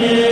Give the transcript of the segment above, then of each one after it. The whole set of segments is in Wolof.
Amin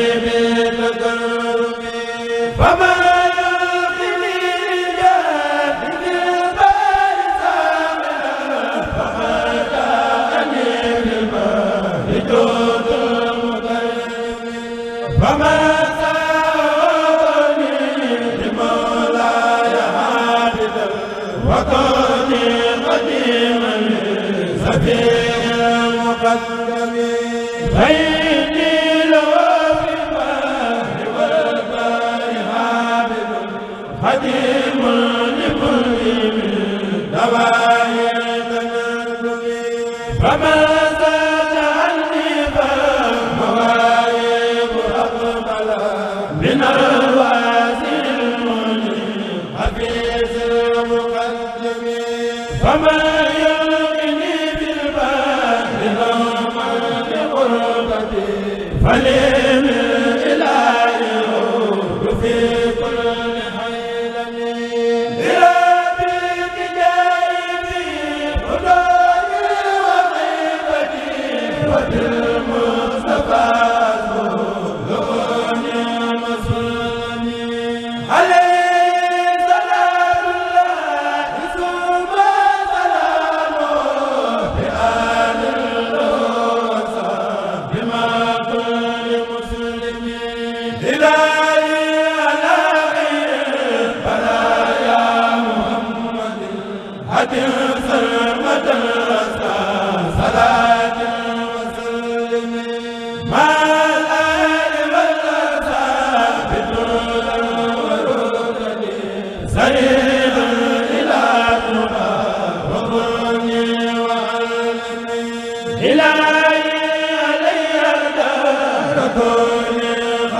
wale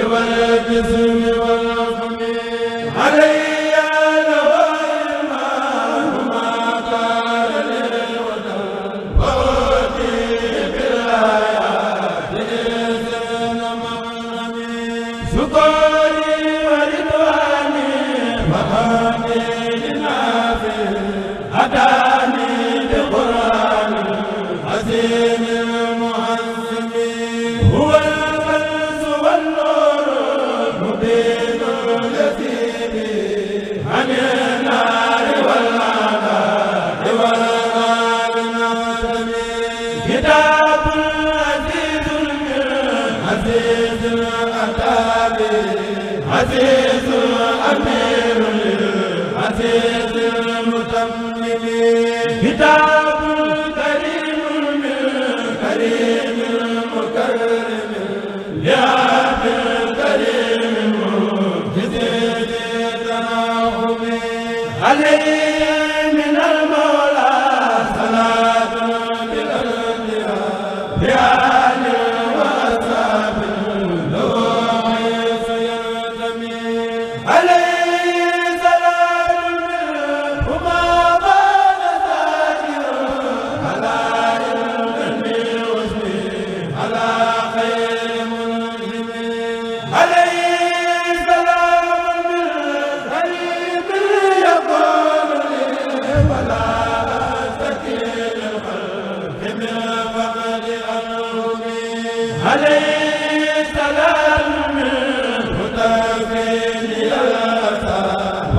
bi wala Amen